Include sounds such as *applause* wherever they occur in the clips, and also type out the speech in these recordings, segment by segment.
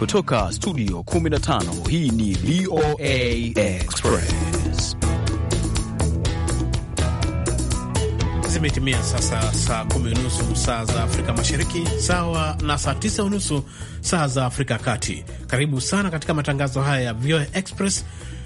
Kutoka studio 15 hii ni VOA Express. Zimetimia sasa saa kumi unusu saa za Afrika Mashariki, sawa na saa tisa unusu saa za Afrika ya Kati. Karibu sana katika matangazo haya ya VOA Express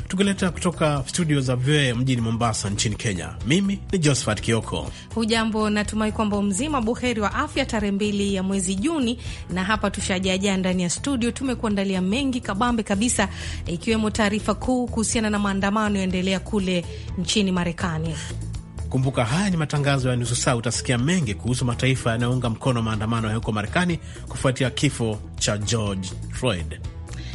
tukileta kutoka studio za VOA mjini Mombasa nchini Kenya. Mimi ni Josephat Kioko. Hujambo, natumai kwamba mzima buheri wa afya. Tarehe mbili ya mwezi Juni, na hapa tushajajaa ndani ya studio, tumekuandalia mengi kabambe kabisa, ikiwemo taarifa kuu kuhusiana na maandamano yaendelea kule nchini Marekani. Kumbuka, haya ni matangazo ya nusu saa. Utasikia mengi kuhusu mataifa yanayounga mkono maandamano ya huko Marekani kufuatia kifo cha George Floyd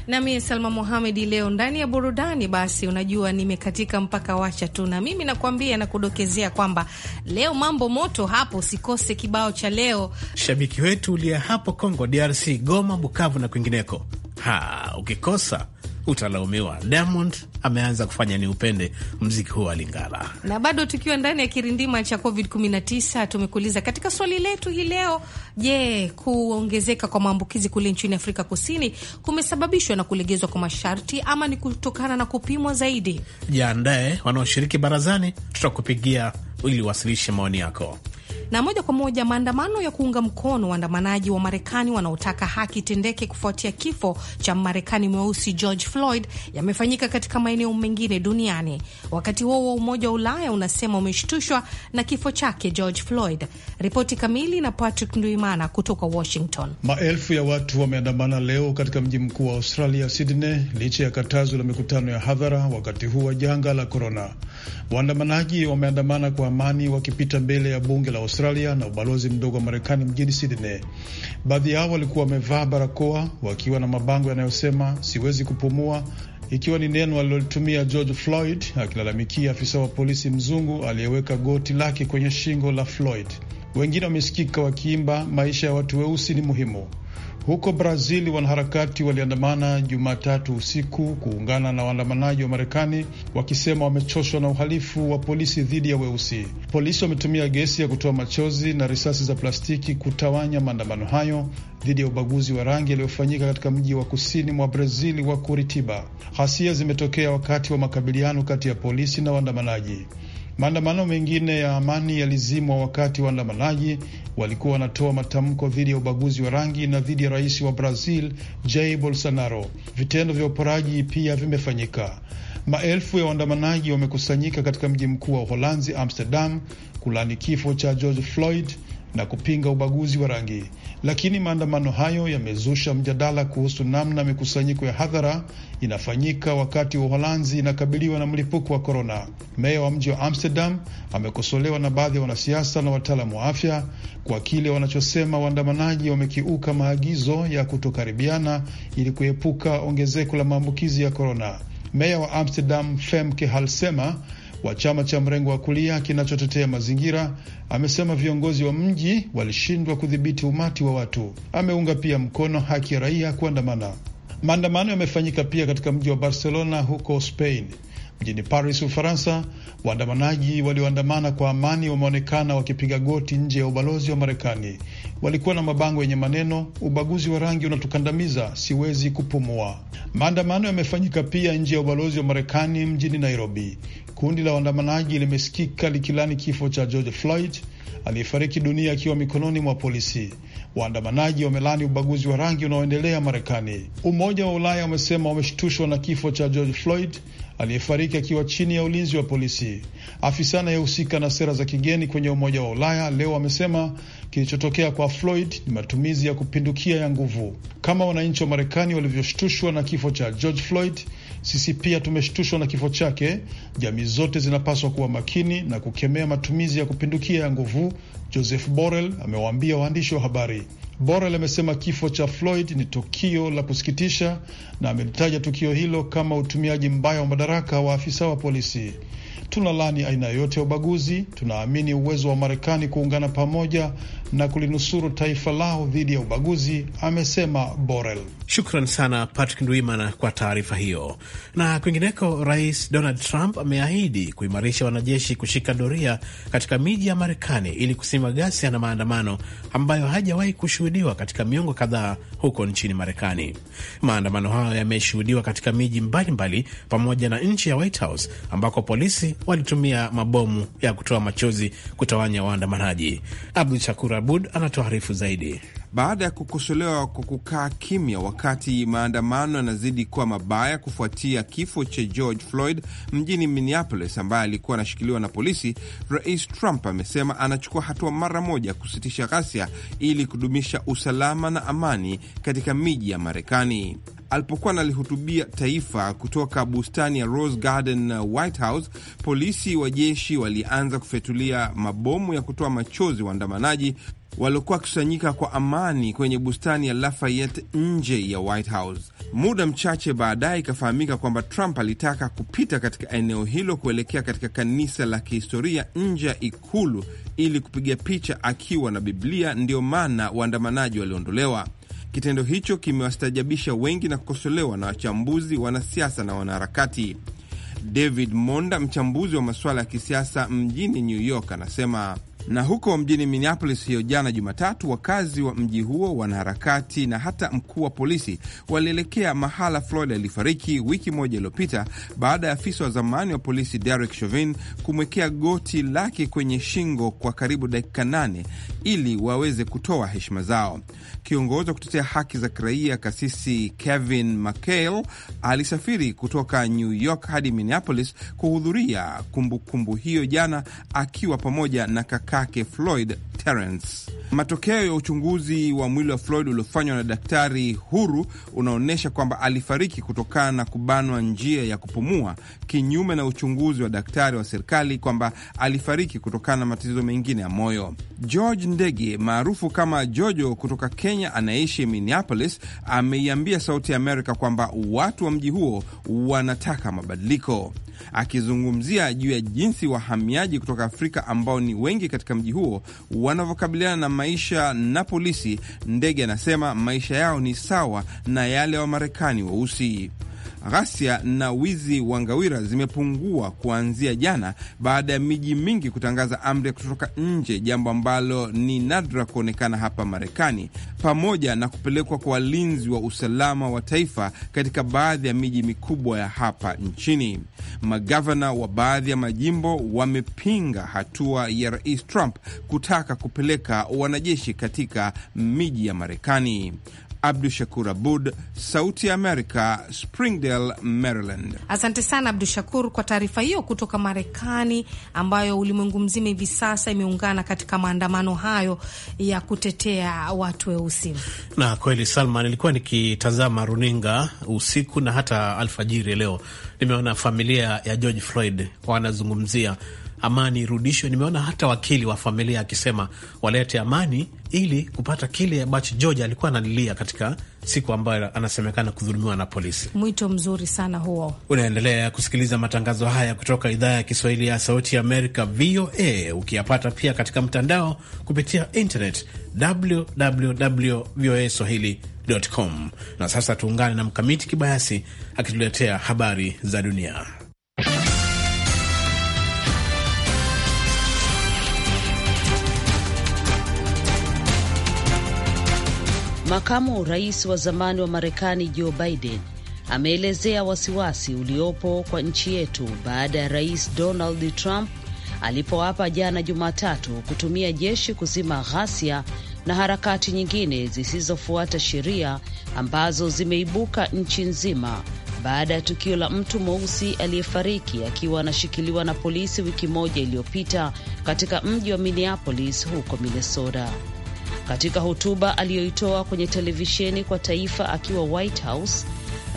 nami Salma Muhamedi. Leo ndani ya burudani, basi unajua nimekatika mpaka wacha tu, na mimi nakuambia na kudokezea kwamba leo mambo moto hapo, usikose kibao cha leo, shabiki wetu uliye hapo Congo DRC, Goma, Bukavu na kwingineko. Ha, ukikosa utalaumiwa. Diamond ameanza kufanya ni upende mziki huu wa Lingala. Na bado tukiwa ndani ya kirindima cha Covid 19, tumekuuliza katika swali letu hii leo, je, kuongezeka kwa maambukizi kule nchini Afrika Kusini kumesababishwa na kulegezwa kwa masharti ama ni kutokana na kupimwa zaidi? Jiandae, wanaoshiriki barazani, tutakupigia ili wasilishe maoni yako. Na moja kwa moja, maandamano ya kuunga mkono waandamanaji wa Marekani wanaotaka haki itendeke kufuatia kifo cha Marekani mweusi George Floyd yamefanyika katika maeneo mengine duniani. Wakati huo wa Umoja wa Ulaya unasema umeshtushwa na kifo chake George Floyd. Ripoti kamili na Patrick Nduimana kutoka Washington. Maelfu ya watu wameandamana leo katika mji mkuu wa Australia, Sydney, licha ya katazo la mikutano ya hadhara wakati huu wa janga la korona. Waandamanaji wameandamana kwa amani wakipita mbele ya bunge la la Australia na ubalozi mdogo wa Marekani mjini Sydney. Baadhi yao walikuwa wamevaa barakoa wakiwa na mabango yanayosema siwezi kupumua, ikiwa ni neno alilolitumia George Floyd akilalamikia afisa wa polisi mzungu aliyeweka goti lake kwenye shingo la Floyd. Wengine wamesikika wakiimba maisha ya watu weusi ni muhimu. Huko Brazil, wanaharakati waliandamana Jumatatu usiku kuungana na waandamanaji wa Marekani wakisema wamechoshwa na uhalifu wa polisi dhidi ya weusi. Polisi wametumia gesi ya kutoa machozi na risasi za plastiki kutawanya maandamano hayo dhidi ya ubaguzi wa rangi yaliyofanyika katika mji wa kusini mwa Brazil wa Curitiba. Ghasia zimetokea wakati wa makabiliano kati ya polisi na waandamanaji. Maandamano mengine ya amani yalizimwa wakati waandamanaji walikuwa wanatoa matamko dhidi ya ubaguzi wa rangi na dhidi ya rais wa Brazil Jair Bolsonaro. Vitendo vya uporaji pia vimefanyika. Maelfu ya waandamanaji wamekusanyika katika mji mkuu wa Uholanzi, Amsterdam, kulani kifo cha George Floyd na kupinga ubaguzi wa rangi, lakini maandamano hayo yamezusha mjadala kuhusu namna mikusanyiko ya hadhara inafanyika wakati wa Uholanzi inakabiliwa na mlipuko wa korona. Meya wa mji wa Amsterdam amekosolewa na baadhi ya wanasiasa na wataalamu wa afya kwa kile wanachosema waandamanaji wamekiuka maagizo ya kutokaribiana ili kuepuka ongezeko la maambukizi ya korona. Meya wa Amsterdam Femke Halsema wa chama cha mrengo wa kulia kinachotetea mazingira amesema viongozi wa mji walishindwa kudhibiti umati wa watu. Ameunga pia mkono haki ya raia kuandamana. Maandamano yamefanyika pia katika mji wa Barcelona huko Spain. Mjini Paris, Ufaransa, waandamanaji walioandamana kwa amani wameonekana wakipiga goti nje ya ubalozi wa Marekani. Walikuwa na mabango yenye maneno ubaguzi wa rangi unatukandamiza, siwezi kupumua. Maandamano yamefanyika pia nje ya ubalozi wa Marekani mjini Nairobi. Kundi la waandamanaji limesikika likilani kifo cha George Floyd aliyefariki dunia akiwa mikononi mwa polisi. Waandamanaji wamelani ubaguzi wa rangi unaoendelea Marekani. Umoja wa Ulaya umesema wameshtushwa na kifo cha George Floyd aliyefariki akiwa chini ya ulinzi wa polisi. Afisa anayehusika na sera za kigeni kwenye Umoja wa Ulaya leo amesema kilichotokea kwa Floyd ni matumizi ya kupindukia ya nguvu. Kama wananchi wa Marekani walivyoshtushwa na kifo cha George Floyd, sisi pia tumeshtushwa na kifo chake. Jamii zote zinapaswa kuwa makini na kukemea matumizi ya kupindukia ya nguvu, Joseph Borrell amewaambia waandishi wa habari. Borel amesema kifo cha Floyd ni tukio la kusikitisha na amelitaja tukio hilo kama utumiaji mbaya wa madaraka wa afisa wa polisi. Tunalani aina yoyote ya ubaguzi. Tunaamini uwezo wa Marekani kuungana pamoja na kulinusuru taifa lao dhidi ya ubaguzi, amesema Borel. Shukran sana Patrick Ndwimana kwa taarifa hiyo. Na kwingineko, Rais Donald Trump ameahidi kuimarisha wanajeshi kushika doria katika miji ya Marekani ili kusima ghasia na maandamano ambayo hajawahi kushuhudiwa katika miongo kadhaa huko nchini Marekani. Maandamano hayo yameshuhudiwa katika miji mbalimbali pamoja na nchi ya White House ambako polisi walitumia mabomu ya kutoa machozi kutawanya waandamanaji. Abdu Shakura Abud anatuarifu zaidi. Baada ya kukosolewa kwa kukaa kimya wakati maandamano yanazidi kuwa mabaya kufuatia kifo cha George Floyd mjini Minneapolis, ambaye alikuwa anashikiliwa na polisi, Rais Trump amesema anachukua hatua mara moja kusitisha ghasia ili kudumisha usalama na amani katika miji ya Marekani alipokuwa analihutubia taifa kutoka bustani ya Rose Garden uh, White House, polisi wa jeshi walianza kufyatulia mabomu ya kutoa machozi waandamanaji waliokuwa wakikusanyika kwa amani kwenye bustani ya Lafayette nje ya White House. Muda mchache baadaye ikafahamika kwamba Trump alitaka kupita katika eneo hilo kuelekea katika kanisa la kihistoria nje ya ikulu ili kupiga picha akiwa na Biblia. Ndiyo maana waandamanaji waliondolewa. Kitendo hicho kimewastajabisha wengi na kukosolewa na wachambuzi, wanasiasa na wanaharakati. David Monda, mchambuzi wa masuala ya kisiasa mjini New York, anasema. Na huko mjini Minneapolis hiyo jana Jumatatu, wakazi wa mji huo, wanaharakati na hata mkuu wa polisi walielekea mahala Floyd alifariki wiki moja iliyopita baada ya afisa wa zamani wa polisi Derek Chauvin kumwekea goti lake kwenye shingo kwa karibu dakika nane ili waweze kutoa heshima zao kiongozi wa kutetea haki za kiraia kasisi Kevin McCall alisafiri kutoka New York hadi Minneapolis kuhudhuria kumbukumbu hiyo jana, akiwa pamoja na kakake Floyd Terence. Matokeo ya uchunguzi wa mwili wa Floyd uliofanywa na daktari huru unaonyesha kwamba alifariki kutokana na kubanwa njia ya kupumua, kinyume na uchunguzi wa daktari wa serikali kwamba alifariki kutokana na matatizo mengine ya moyo. George Ndege maarufu kama Jojo kutoka Kenya Kenya anayeishi Minneapolis ameiambia Sauti ya Amerika kwamba watu wa mji huo wanataka mabadiliko. Akizungumzia juu ya jinsi wahamiaji kutoka Afrika ambao ni wengi katika mji huo wanavyokabiliana na maisha na polisi, Ndege anasema maisha yao ni sawa na yale wa Marekani weusi wa Ghasia na wizi wa ngawira zimepungua kuanzia jana baada ya miji mingi kutangaza amri ya kutotoka nje, jambo ambalo ni nadra kuonekana hapa Marekani, pamoja na kupelekwa kwa walinzi wa usalama wa taifa katika baadhi ya miji mikubwa ya hapa nchini. Magavana wa baadhi ya majimbo wamepinga hatua ya Rais Trump kutaka kupeleka wanajeshi katika miji ya Marekani. Abdu Shakur Abud, Sauti ya Amerika, Springdale, Maryland. Asante sana Abdu Shakur kwa taarifa hiyo kutoka Marekani, ambayo ulimwengu mzima hivi sasa imeungana katika maandamano hayo ya kutetea watu weusi. Na kweli, Salma, nilikuwa nikitazama runinga usiku na hata alfajiri leo, nimeona familia ya George Floyd wanazungumzia amani irudishwe. Nimeona hata wakili wa familia akisema walete amani ili kupata kile ambacho George alikuwa analilia katika siku ambayo anasemekana kudhulumiwa na polisi. Mwito mzuri sana huo. Unaendelea kusikiliza matangazo haya kutoka idhaa ya Kiswahili ya Sauti Amerika, VOA, ukiyapata pia katika mtandao kupitia internet www voa swahili.com. Na sasa tuungane na Mkamiti Kibayasi akituletea habari za dunia. Makamu rais wa zamani wa Marekani Joe Biden ameelezea wasiwasi uliopo kwa nchi yetu baada ya rais Donald Trump alipoapa jana Jumatatu kutumia jeshi kuzima ghasia na harakati nyingine zisizofuata sheria ambazo zimeibuka nchi nzima baada ya tukio la mtu mweusi aliyefariki akiwa anashikiliwa na polisi wiki moja iliyopita katika mji wa Minneapolis huko Minnesota. Katika hotuba aliyoitoa kwenye televisheni kwa taifa akiwa White House,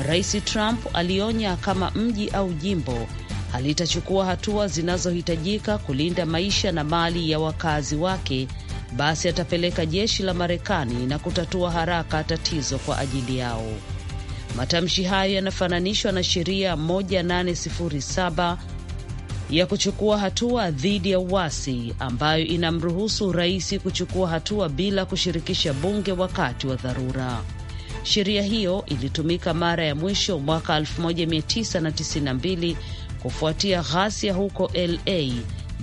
Rais Trump alionya kama mji au jimbo halitachukua hatua zinazohitajika kulinda maisha na mali ya wakazi wake, basi atapeleka jeshi la Marekani na kutatua haraka tatizo kwa ajili yao. Matamshi hayo yanafananishwa na sheria 1807 ya kuchukua hatua dhidi ya uasi ambayo inamruhusu rais kuchukua hatua bila kushirikisha bunge wakati wa dharura. Sheria hiyo ilitumika mara ya mwisho mwaka 1992 kufuatia ghasia huko LA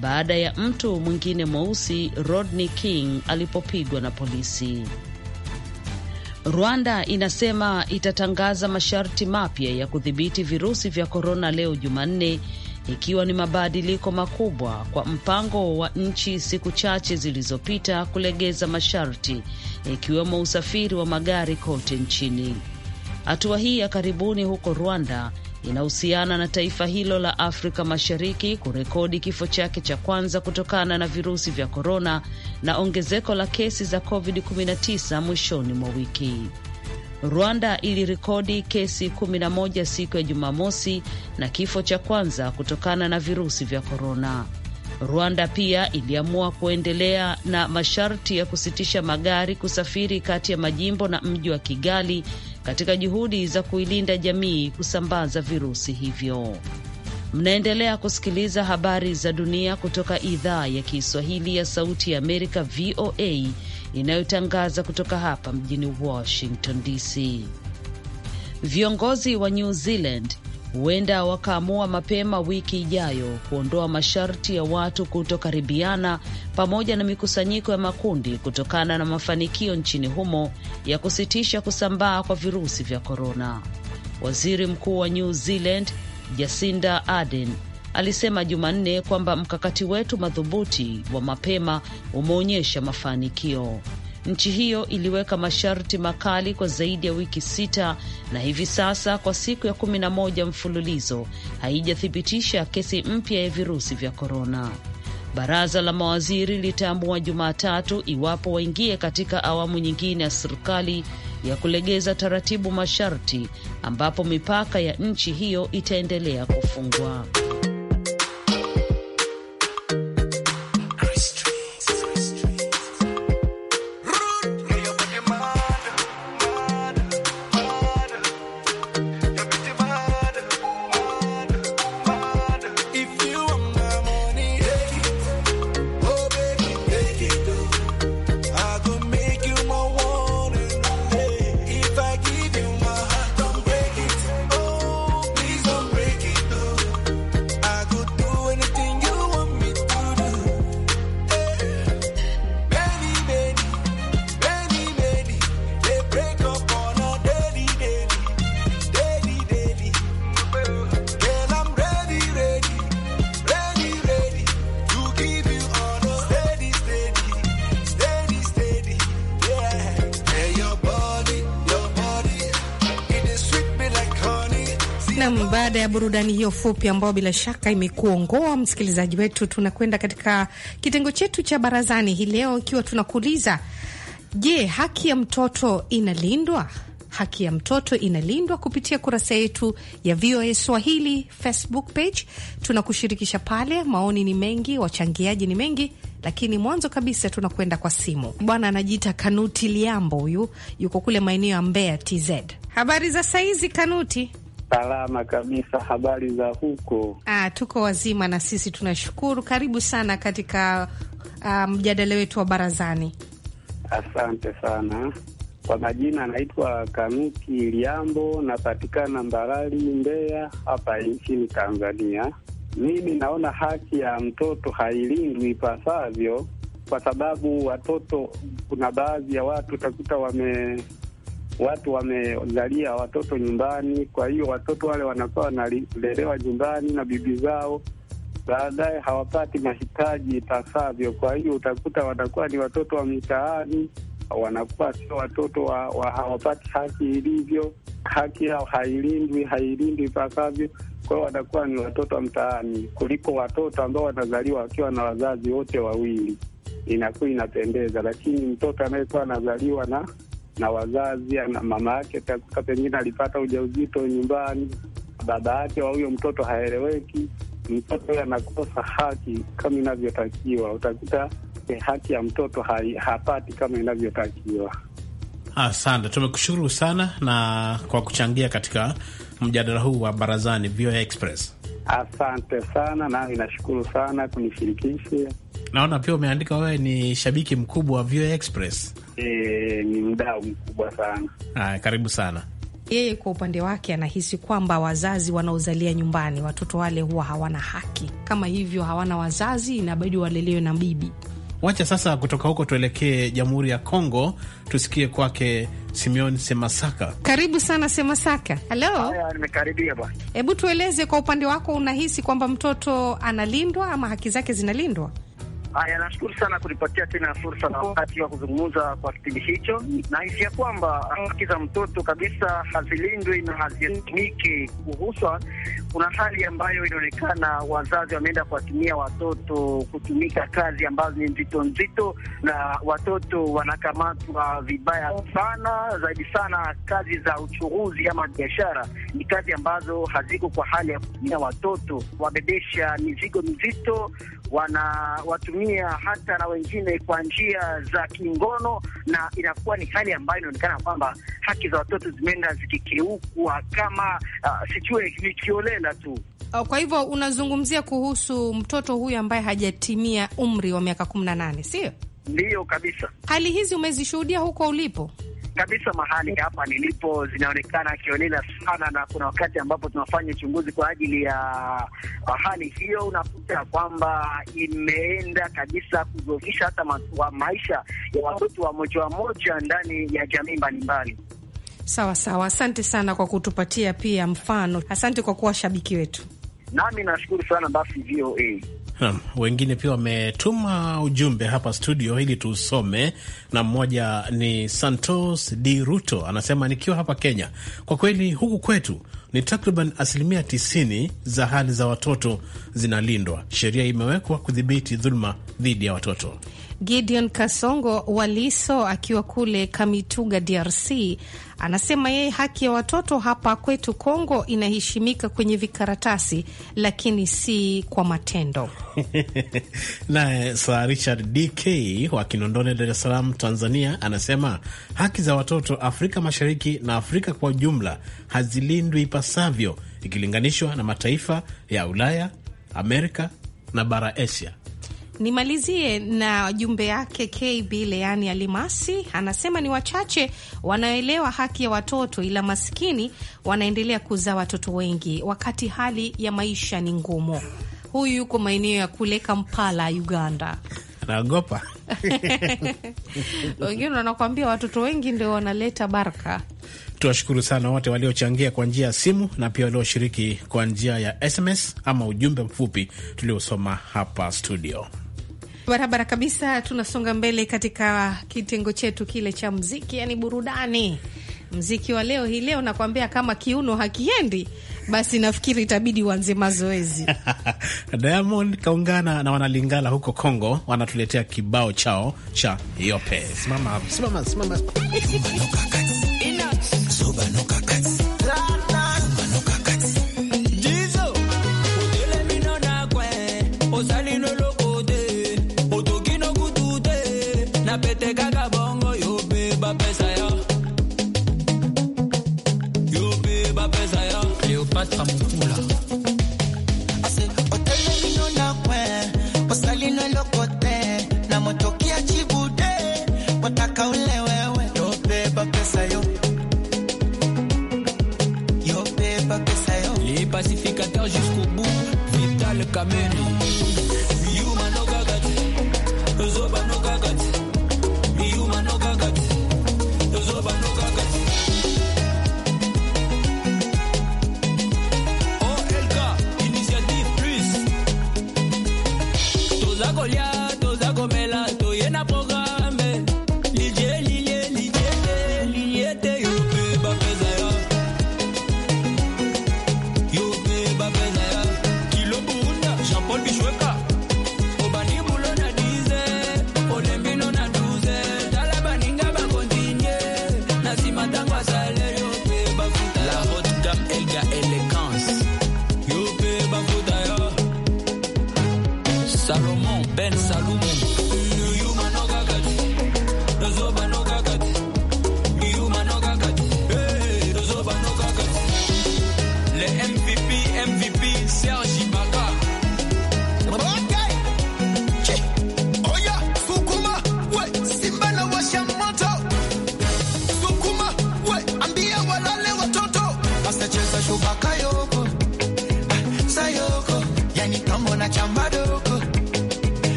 baada ya mtu mwingine mweusi Rodney King alipopigwa na polisi. Rwanda inasema itatangaza masharti mapya ya kudhibiti virusi vya korona leo Jumanne ikiwa ni mabadiliko makubwa kwa mpango wa nchi siku chache zilizopita kulegeza masharti ikiwemo usafiri wa magari kote nchini. Hatua hii ya karibuni huko Rwanda inahusiana na taifa hilo la Afrika Mashariki kurekodi kifo chake cha kwanza kutokana na virusi vya korona na ongezeko la kesi za COVID-19 mwishoni mwa wiki. Rwanda ilirekodi kesi 11 siku ya Jumamosi na kifo cha kwanza kutokana na virusi vya korona. Rwanda pia iliamua kuendelea na masharti ya kusitisha magari kusafiri kati ya majimbo na mji wa Kigali katika juhudi za kuilinda jamii kusambaza virusi hivyo. Mnaendelea kusikiliza habari za dunia kutoka idhaa ya Kiswahili ya Sauti ya Amerika, VOA inayotangaza kutoka hapa mjini Washington DC. Viongozi wa New Zealand huenda wakaamua mapema wiki ijayo kuondoa masharti ya watu kutokaribiana pamoja na mikusanyiko ya makundi kutokana na mafanikio nchini humo ya kusitisha kusambaa kwa virusi vya korona. Waziri Mkuu wa New Zealand Jacinda Ardern alisema Jumanne kwamba mkakati wetu madhubuti wa mapema umeonyesha mafanikio. Nchi hiyo iliweka masharti makali kwa zaidi ya wiki sita na hivi sasa kwa siku ya kumi na moja mfululizo haijathibitisha kesi mpya ya virusi vya korona. Baraza la mawaziri litaamua Jumatatu iwapo waingie katika awamu nyingine ya serikali ya kulegeza taratibu masharti, ambapo mipaka ya nchi hiyo itaendelea kufungwa. burudani hiyo fupi ambayo bila shaka imekuongoa msikilizaji wetu, tunakwenda katika kitengo chetu cha barazani hii leo, ikiwa tunakuuliza je, haki ya mtoto inalindwa? Haki ya mtoto inalindwa kupitia kurasa yetu ya VOA Swahili Facebook page. Tunakushirikisha pale, maoni ni mengi, wachangiaji ni mengi, lakini mwanzo kabisa tunakwenda kwa simu. Bwana anajiita Kanuti Liambo, huyu yuko kule maeneo ya Mbeya TZ. Habari za saizi Kanuti? Salama kabisa. Habari za huko? Ah, tuko wazima na sisi tunashukuru. Karibu sana katika ah, mjadala wetu wa barazani. Asante sana. Kwa majina anaitwa Kanuki Liambo, napatikana Mbarali, Mbeya hapa nchini Tanzania. Mimi naona haki ya mtoto hailindwi ipasavyo, kwa sababu watoto, kuna baadhi ya watu utakuta wame watu wamezalia watoto nyumbani, kwa hiyo watoto wale wanakuwa wanalelewa nyumbani na bibi zao, baadaye hawapati mahitaji ipasavyo. Kwa hiyo utakuta watakuwa ni watoto wa mitaani, wanakuwa sio watoto wa, wa hawapati haki ilivyo, haki yao hailindwi, hailindwi ipasavyo. Kwa hiyo watakuwa ni watoto wa mtaani kuliko watoto ambao wanazaliwa wakiwa na wazazi wote wawili. Inakuwa inapendeza, lakini mtoto anayekuwa anazaliwa na na wazazi na mama yake, atakuta pengine alipata ujauzito nyumbani, baba yake wa huyo mtoto haeleweki, mtoto anakosa haki kama inavyotakiwa. Utakuta eh, haki ya mtoto hai, hapati kama inavyotakiwa. Asante, tumekushukuru sana na kwa kuchangia katika mjadala huu wa barazani VOA Express. Asante sana, nami nashukuru sana kunishirikisha. Naona pia umeandika wewe ni shabiki mkubwa wa VOA Express. E, ni mdau mkubwa sana. Haya, karibu sana. Yeye kwa upande wake anahisi kwamba wazazi wanaozalia nyumbani watoto wale huwa hawana haki, kama hivyo hawana wazazi, inabidi walelewe na bibi. Wacha sasa kutoka huko tuelekee Jamhuri ya Kongo, tusikie kwake Simeon Semasaka. Karibu sana Semasaka. Halo, nimekaribia bwana. Hebu tueleze kwa upande wako, unahisi kwamba mtoto analindwa ama haki zake zinalindwa? Haya, nashukuru sana kunipatia tena fursa na wakati wa kuzungumza kwa kipindi hicho, na hisi ya kwamba haki za mtoto kabisa hazilindwi na hazitumiki kuhuswa. Kuna hali ambayo inaonekana wazazi wameenda kuwatumia watoto kutumika kazi ambazo ni nzito nzito, na watoto wanakamatwa vibaya sana, zaidi sana kazi za uchuguzi ama biashara. Ni kazi ambazo haziko kwa hali ya kutumia watoto, wabebesha mizigo mizito wanawatumia hata na wengine kwa njia za kingono, na inakuwa ni hali ambayo inaonekana kwamba haki za watoto zimeenda zikikiukwa kama uh, sijue ni kiolela tu. Uh, kwa hivyo unazungumzia kuhusu mtoto huyu ambaye hajatimia umri wa miaka kumi na nane, sio? Ndiyo kabisa. Hali hizi umezishuhudia huko ulipo? Kabisa, mahali hapa nilipo zinaonekana kiolela sana, na kuna wakati ambapo tunafanya uchunguzi kwa ajili ya hali hiyo, unakuta kwamba imeenda kabisa kuzofisha hata maisha ya watoto wa moja wa moja ndani ya jamii mbalimbali. Sawa sawa, asante sana kwa kutupatia pia mfano. Asante kwa kuwa shabiki wetu, nami nashukuru sana basi VOA. Naam, wengine pia wametuma ujumbe hapa studio ili tusome, na mmoja ni Santos Di Ruto anasema, nikiwa hapa Kenya, kwa kweli huku kwetu ni takriban asilimia 90 za hali za watoto zinalindwa. Sheria imewekwa kudhibiti dhuluma dhidi ya watoto. Gideon Kasongo Waliso akiwa kule Kamituga, DRC, anasema yeye haki ya watoto hapa kwetu Kongo inaheshimika kwenye vikaratasi, lakini si kwa matendo. *laughs* Naye Sir Richard DK wa Kinondoni, Dar es Salaam, Tanzania, anasema haki za watoto Afrika Mashariki na Afrika kwa ujumla hazilindwi ipasavyo ikilinganishwa na mataifa ya Ulaya, Amerika na bara Asia. Nimalizie na jumbe yake KB Leani Alimasi, anasema ni wachache wanaoelewa haki ya watoto, ila maskini wanaendelea kuzaa watoto wengi wakati hali ya maisha ni ngumu. Huyu yuko maeneo ya kule Kampala, Uganda. Naogopa *laughs* wengine wanakuambia watoto wengi ndio wanaleta baraka. Tuwashukuru sana wote waliochangia kwa njia ya simu na pia walioshiriki kwa njia ya SMS ama ujumbe mfupi tuliosoma hapa studio barabara kabisa. Tunasonga mbele katika kitengo chetu kile cha mziki, yani burudani. Mziki wa leo hii leo nakwambia, kama kiuno hakiendi basi nafikiri itabidi uanze mazoezi. *laughs* Diamond kaungana na wanalingala huko Kongo, wanatuletea kibao chao cha yope. Simama, simama, simama.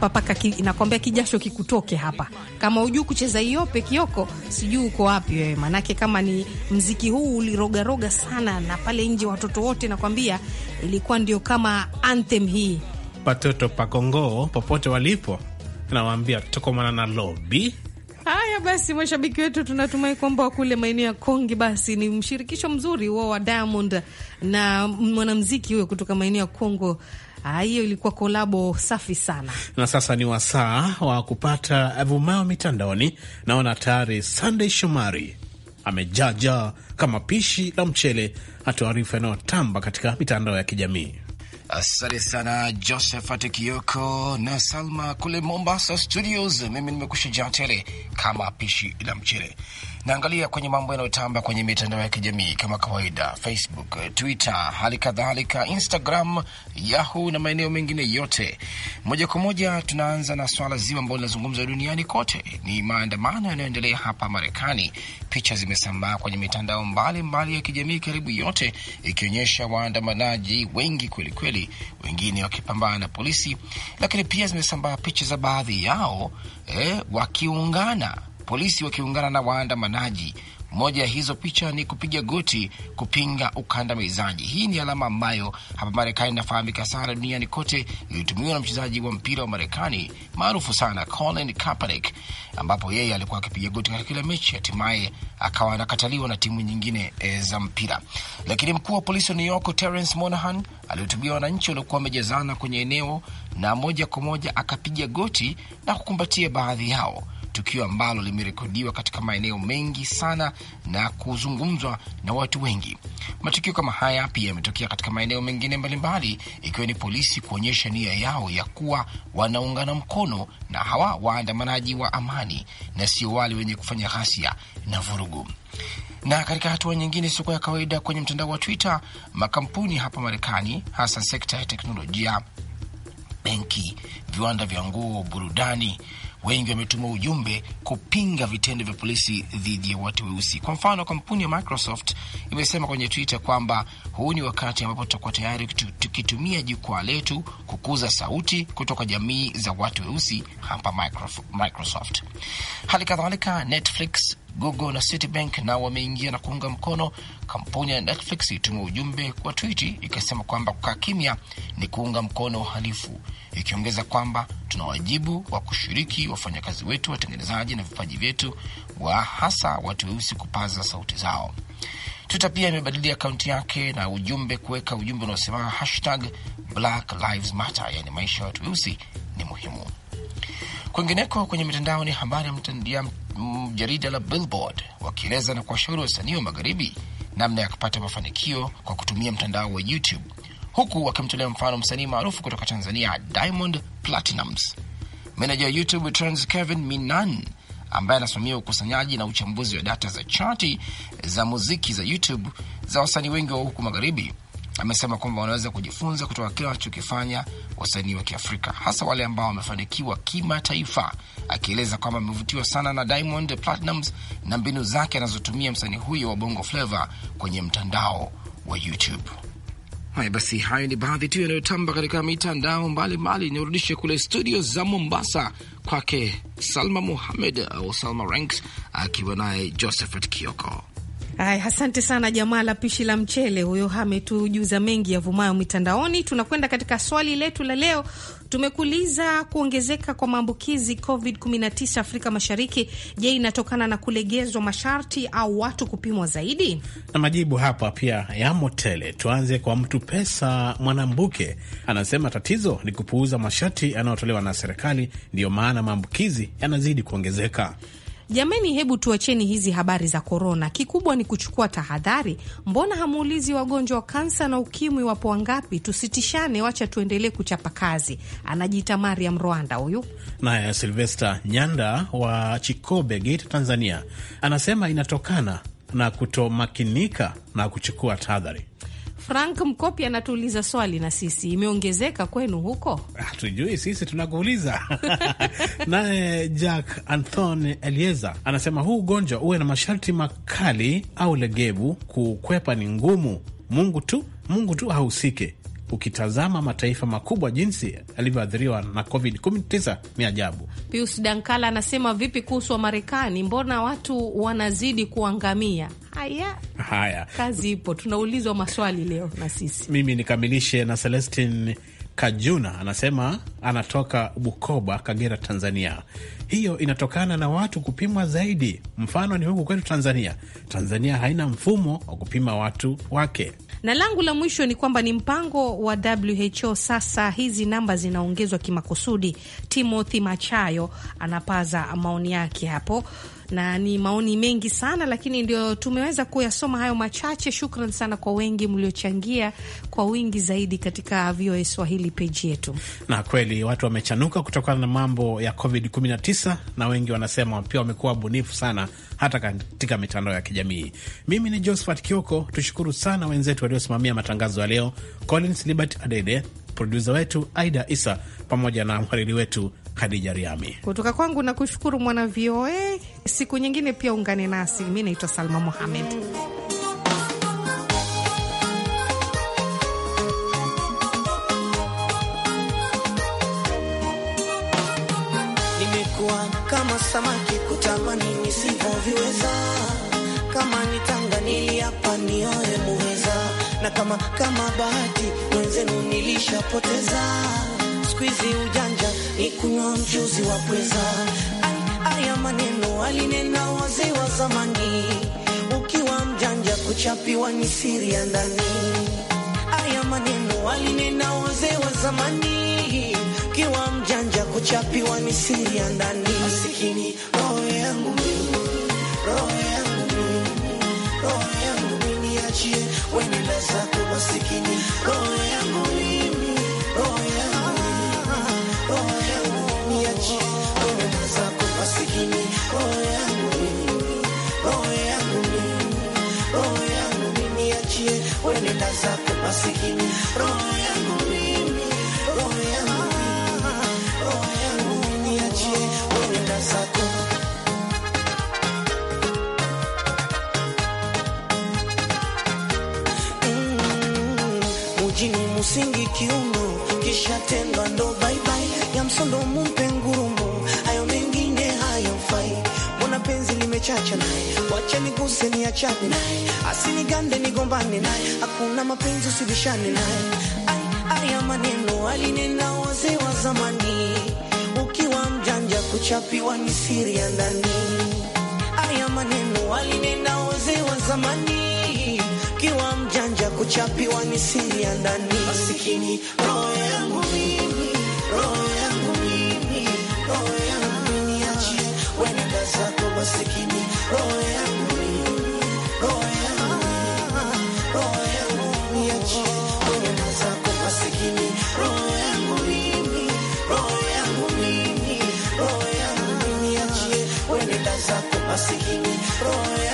hapa paka ki, nakwambia kijasho kikutoke hapa. Kama hujui kucheza iope Kioko, sijui uko wapi wewe, manake kama ni mziki huu ulirogaroga sana na pale nje watoto wote, nakwambia ilikuwa ndio kama anthem hii. Patoto pakongoo popote walipo, nawaambia tokomana na lobi basi, mashabiki wetu tunatumai kwamba kule maeneo ya Kongi basi ni mshirikisho mzuri huo wa Diamond na mwanamziki huyo kutoka maeneo ya Kongo. Ah, hiyo ilikuwa kolabo safi sana, na sasa ni wasaa wa kupata avumao mitandaoni. Naona tayari Sunday Shomari amejaja kama pishi la mchele, hatuarifu yanayotamba katika mitandao ya kijamii. Asante sana Josephat Kioko na Salma kule Mombasa studios. Mimi nimekusha jaa tele kama pishi la mchele. Naangalia kwenye mambo yanayotamba kwenye mitandao ya kijamii kama kawaida, Facebook, Twitter, hali kadhalika Instagram, Yahoo na maeneo mengine yote. Moja kwa moja tunaanza na swala zima ambalo linazungumzwa duniani kote, ni maandamano yanayoendelea hapa Marekani. Picha zimesambaa kwenye mitandao mbalimbali mbali ya kijamii karibu yote, ikionyesha waandamanaji wengi kwelikweli, wengine wakipambana na polisi, lakini pia zimesambaa picha za baadhi yao eh, wakiungana polisi wakiungana na waandamanaji. Moja ya hizo picha ni kupiga goti kupinga ukandamizaji. Hii ni alama ambayo hapa Marekani inafahamika sana duniani kote, ilitumiwa na mchezaji wa mpira wa Marekani maarufu sana Colin Kaepernick, ambapo yeye alikuwa akipiga goti katika kila mechi, hatimaye akawa anakataliwa na timu nyingine eh, za mpira. Lakini mkuu wa polisi wa New York Terence Monahan aliyotumia wananchi waliokuwa wamejazana kwenye eneo, na moja kwa moja akapiga goti na kukumbatia baadhi yao tukio ambalo limerekodiwa katika maeneo mengi sana na kuzungumzwa na watu wengi. Matukio kama haya pia yametokea katika maeneo mengine mbalimbali, ikiwa ni polisi kuonyesha nia yao ya kuwa wanaungana mkono na hawa waandamanaji wa amani na sio wale wenye kufanya ghasia na vurugu. Na katika hatua nyingine isiokuwa ya kawaida, kwenye mtandao wa Twitter, makampuni hapa Marekani, hasa sekta ya teknolojia benki, viwanda vya nguo, burudani wengi wametuma ujumbe kupinga vitendo vya polisi dhidi ya watu weusi. Kwa mfano, kampuni ya Microsoft imesema kwenye Twitter kwamba huu ni wakati ambapo tutakuwa tayari tukitumia jukwaa letu kukuza sauti kutoka jamii za watu weusi hapa Microsoft. Hali kadhalika Netflix Google na Citibank nao wameingia na kuunga mkono. Kampuni ya Netflix ilituma ujumbe kwa twiti ikasema kwamba kukaa kimya ni kuunga mkono uhalifu, ikiongeza kwamba tuna wajibu wa kushiriki wafanyakazi wetu, watengenezaji na vipaji vyetu, wa hasa watu weusi kupaza sauti zao. Twitter pia imebadilia akaunti yake na ujumbe kuweka ujumbe unaosema hashtag Black Lives Matter, yaani maisha ya watu weusi ni muhimu. Kwingineko kwenye mitandao ni habari ya jarida la Billboard wakieleza na kuwashauri wasanii wa magharibi namna ya kupata mafanikio kwa kutumia mtandao wa YouTube, huku wakimtolea mfano msanii maarufu kutoka Tanzania Diamond Platinums. Meneja wa YouTube Trends Kevin Minan ambaye anasimamia ukusanyaji na uchambuzi wa data za chati za muziki za YouTube za wasanii wengi wa huku magharibi amesema kwamba wanaweza kujifunza kutoka kile wanachokifanya wasanii wa Kiafrika, hasa wale ambao wamefanikiwa kimataifa, akieleza kwamba amevutiwa sana na Diamond Platnumz na mbinu zake anazotumia msanii huyo wa Bongo Flava kwenye mtandao wa YouTube. Haya basi, hayo ni baadhi tu yanayotamba katika mitandao mbalimbali. Inayorudisha kule studio za Mombasa kwake Salma Muhamed au Salma Ranks akiwa naye Josephat Kioko. Ay, asante sana jamaa la pishi la mchele huyo, ametujuza mengi yavumayo mitandaoni. Tunakwenda katika swali letu la leo. Tumekuuliza, kuongezeka kwa maambukizi COVID-19 Afrika Mashariki, je, inatokana na kulegezwa masharti au watu kupimwa zaidi? Na majibu hapa pia yamo tele. Tuanze kwa mtu pesa Mwanambuke, anasema tatizo ni kupuuza masharti yanayotolewa na serikali, ndiyo maana maambukizi yanazidi kuongezeka. Jamani, hebu tuacheni hizi habari za korona. Kikubwa ni kuchukua tahadhari. Mbona hamuulizi wagonjwa wa kansa na ukimwi wapo wangapi? Tusitishane, wacha tuendelee kuchapa kazi. Anajiita Mariam Rwanda huyu. Naye Silvesta Nyanda wa Chikobe, Geita, Tanzania, anasema inatokana na kutomakinika na kuchukua tahadhari. Frank Mkopi anatuuliza swali, na sisi imeongezeka kwenu huko, ah, hatujui sisi tunakuuliza. *laughs* Naye Jack Anthony Elieza anasema huu ugonjwa uwe na masharti makali au legevu, kukwepa ni ngumu. Mungu tu, Mungu tu hahusike Ukitazama mataifa makubwa jinsi yalivyoathiriwa na COVID-19 ni ajabu. Pius Dankala anasema vipi kuhusu marekani Mbona watu wanazidi kuangamia? Haya haya, kazi ipo, tunaulizwa maswali leo na sisi. Mimi nikamilishe na Celestin Kajuna anasema anatoka Bukoba, Kagera, Tanzania. Hiyo inatokana na watu kupimwa zaidi. Mfano ni huku kwetu Tanzania. Tanzania haina mfumo wa kupima watu wake. Na langu la mwisho ni kwamba ni mpango wa WHO. Sasa hizi namba zinaongezwa kimakusudi. Timothy Machayo anapaza maoni yake hapo na ni maoni mengi sana, lakini ndio tumeweza kuyasoma hayo machache. Shukran sana kwa wengi mliochangia kwa wingi zaidi katika VOA Swahili peji yetu, na kweli watu wamechanuka kutokana na mambo ya COVID 19 na wengi wanasema pia wamekuwa bunifu sana hata katika mitandao ya kijamii. Mimi ni Josephat Kioko. Tushukuru sana wenzetu waliosimamia matangazo ya leo, Collins Libert Adede, produsa wetu Aida Isa pamoja na mhariri wetu Khadija Riami kutoka kwangu na kushukuru mwana VOA. Siku nyingine pia ungane nasi. Mi naitwa Salma Mohamed. Nimekuwa kama samaki kutamani nisivyoviweza, kama nitanga niliapa nioe muweza, na kama kama bahati mwenzenu nilishapoteza siku ujanja ni kunywa mchuzi wa pweza. Ai, Aya, maneno alinena wazee wa zamani, ukiwa mjanja kuchapiwa ni siri ya ndani. Aya, maneno alinena wazee wa zamani, ukiwa mjanja kuchapiwa ni siri ya ndani. Masikini roho yangu roho yangu roho yangu mimi, achie wende zako masikini, roho yangu mimi zako masikini, roho yangu mimi, roho yangu roho yangu niachie wenda zako mujini, mm, musingi kiuno kisha ndo nimechacha naye, wacha niguse niachane naye, asinigande nigombane naye, hakuna mapenzi usibishane naye. Haya maneno alinena wazee wa zamani, ukiwa mjanja kuchapiwa ni siri ya ndani. Haya maneno alinena wazee wa zamani, ukiwa mjanja kuchapiwa ni siri ya ndani. Masikini roho yangu mimi, roho yangu mimi, roho Roho yangu mimi, roho yangu mimi, achie wende zako masikini, roho